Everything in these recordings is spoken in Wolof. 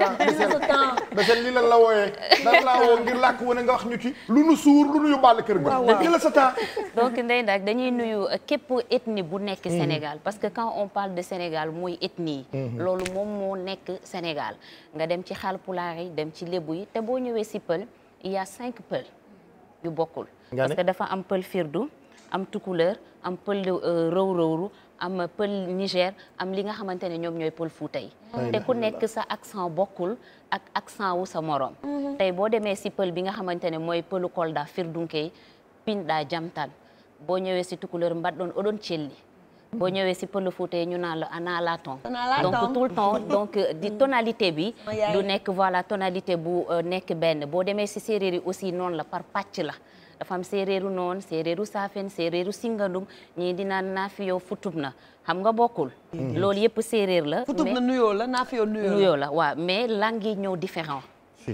Bessél lii dañuy nuyu képp ethnie bu nekk hmm. Sénégal parce que quand de Sénégal mooy ethnie hmm. nekk Sénégal nga dem ci Haalpulaar dem ci Lébu yi te boo ñëwee si pël il y bokkul parce que dafa am pël firdu am tukulër am pël euh, rëw am pël Niger am li nga xamante ne ñoom ñooy pël Fuuta yi te ku nekk sa accent bokkul ak accent wu sa moroom mhm. tey boo demee si pël bi nga xamante ne mooy pëlu Kolda Firdunke yi Pinda Jamtan boo ñëwee si Tukulóor Mbaɗɗoon oɗon celli boo ñëwee si pël Fuuta ñu naan la ana la ton donc tout le euh, mm. bi du nekk voilà tonalité bu euh, nekk benn boo demee si séeréer yi aussi noonu la par pàcc la dafa am séeréeru noon séeréeru saafen séeréeru singandum ñii di naan naafiyoo futub na xam nga bokkul mhm. loolu yëpp séeréer la futub na nuyoo la naafiyoo mais langue yi ñëw différent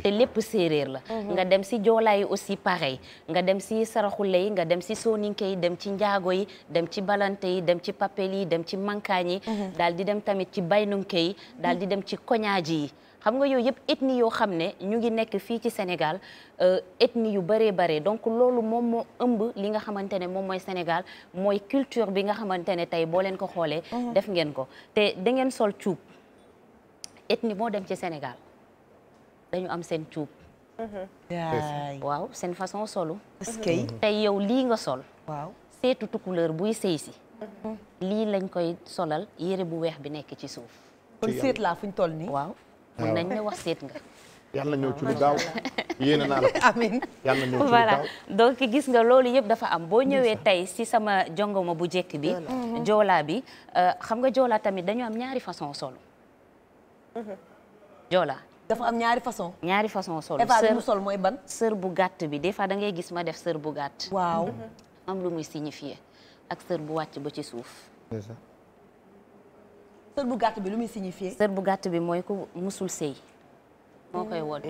te lépp séeréer la mhm. nga dem si joolaa yi aussi yi nga dem si saraxule yi nga dem si soninke yi dem ci njaago yi dem ci balante yi dem ci papel yi dem ci mankaañ yi mhm. daal di dem tamit ci baynunke yi daal di dem ci koñaaji yi xam nga yooyu yëpp ethnie yoo xam ne ñu ngi nekk fii ci Sénégal euh, ethnie yu bëree bare donc loolu moom moo ëmb li nga xamante ne moom mooy Sénégal mooy culture bi nga xamante ne tey boo leen ko xoolee mhm. def ngeen ko te da ngeen sol cuub ethnie moo dem ci Sénégal dañu am seen cuub mm-hmm. waaw seen façon solu mm-hmm. tey yow lii nga sol waaw seetu tukkuleer buy sëy si mm-hmm. lii lañ koy solal yére bu weex bi nekk ci suuf kon seet laa fuñ toll nii waaw mun nañ ne wax seet nga yàlla ñëw ci ñëw ci gaaw voilà donc gis nga loolu yëpp dafa am boo ñëwee tey si sama jongoma bu jekk bi joolaa bi euh, xam nga joolaa tamit dañu am ñaari façon solo joolaa dafa am ñaari façon ñaari façon sol sol mooy ban sër bu gàtt bi des fois da ngay gis ma def sër bu gàtt waaw mm-hmm. am lu muy signifier ak sër bu wàcc ba ci suuf sër bu gàtt bi lu muy signifier sër bu gàtt bi mooy ko musul sëy moo mm. koy wod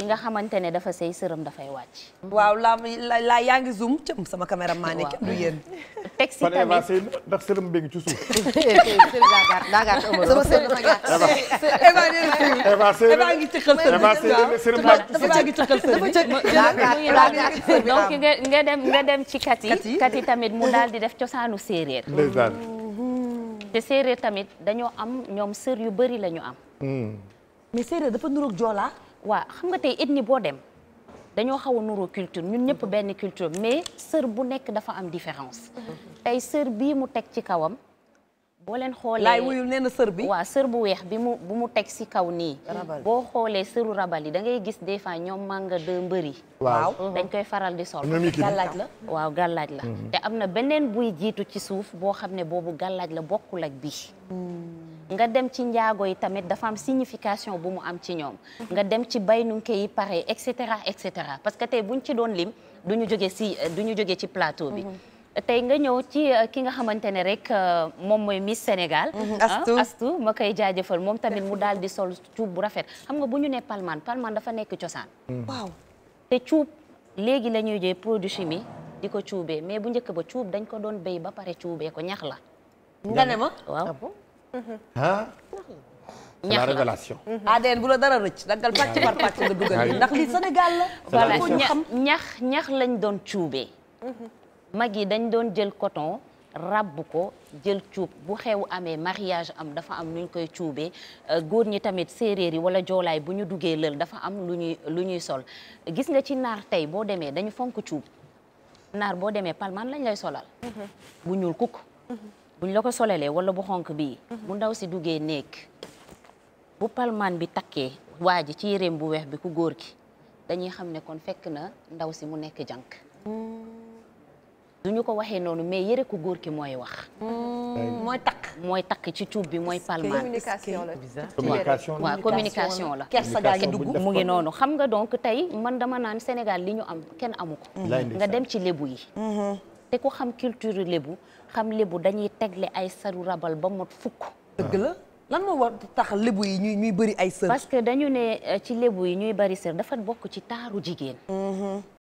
ki nga xamante ne dafa sëy sërëm dafay wàcc. waaw la la yaa ngi zoom cëm sama caméra maa nekk du yéen. teg si tamit sëy ndax sërëm bi ngi donc nga dem dem ci kat yi tamit mu daal di def cosaanu séeréer. te séeréer tamit dañoo am ñoom sër yu bëri la ñu am. Hmm. mais séeréer dafa nuroog joolaa. waa xam nga tey ethnie boo dem dañoo xaw a nuroo culture ñun ñëpp mhm. benn culture mais sër bu nekk dafa am différence. Mhm. tey sër bii mu teg ci kawam. boo leen xoolee laay wuyul nee bi. waaw sër bu weex bi mu bu mu teg si kaw nii. boo xoolee sëru rabal yi da ngay gis des fois ñoom mànga de mbëri. waaw dañ koy faral di sol. gàllaaj la waaw gàllaaj la. Mhm. te am na beneen buy jiitu ci suuf boo xam ne boobu gàllaaj la bokkul ak bii. Hmm. nga dem ci njaago yi tamit dafa am signification bu mu am ci ñoom nga dem ci baynunke yi pare et cetera et cetera parce que tey bu buñ ci doon lim du ñu jóge si du ñu jóge ci plateau bi mhm. tey nga ñëw ci euh, ki nga xamante ne rek euh, moom mooy Miss Sénégal. Astou mhm. Astou ah, ma koy jaajëfal moom tamit mu daal di sol cuub bu rafet xam nga bu ñu nee palmaan palmaan dafa nekk cosaan. Mhm. waaw te cuub léegi la ñuy jël produit chimique di ko cuubee mais bu njëkk ba cuub dañ ko doon béy ba pare cuubee ko ñax la. nga ah. c'est la ah, bu la dara rëcc daggal pàcc ñax ñax lañ doon cuubee. Mhm. mag yi dañ doon jël coton ràbb ko jël cuub bu xew amee mariage am dafa am lu ñu koy cuube euh, góor ñi tamit séeréer yi wala joolaay bu ñu duggee lël dafa am lu lu ñuy sol gis nga ci naar tey boo demee dañu fonk cuub naar boo demee palmaan lañ lay solal. Mhm. bu ñuul kukk. Mhm. buñ la ko solelee wala bu xonk bii mu mhm. ndaw si duggee néeg bu palmaan bi takkee waa ji ci yéreem bu weex bi ku góor ki dañuy xam ne kon fekk na ndaw si mu nekk jànk mm. duñu ko waxee noonu mais yére ku góor ki mooy wax mm, mooy takk mooy takk ci cuub bi mooy palmaan waaw communication la kersa gaa ngi dugg mu ngi noonu xam nga donc tey man dama naan Sénégal li ñu am kenn amu ko nga dem ci lébu yi mm-hmm. te ku xam culture lébu xam lébu dañuy tegle ay saru rabal ba mot fukk. dëgg la lan moo war tax lébu yi ñuy ñuy bëri ay sër. parce que dañu ne eh, ci lébu yi ñuy bëri sër dafa bokk ci taaru jigéen. Mm-hmm.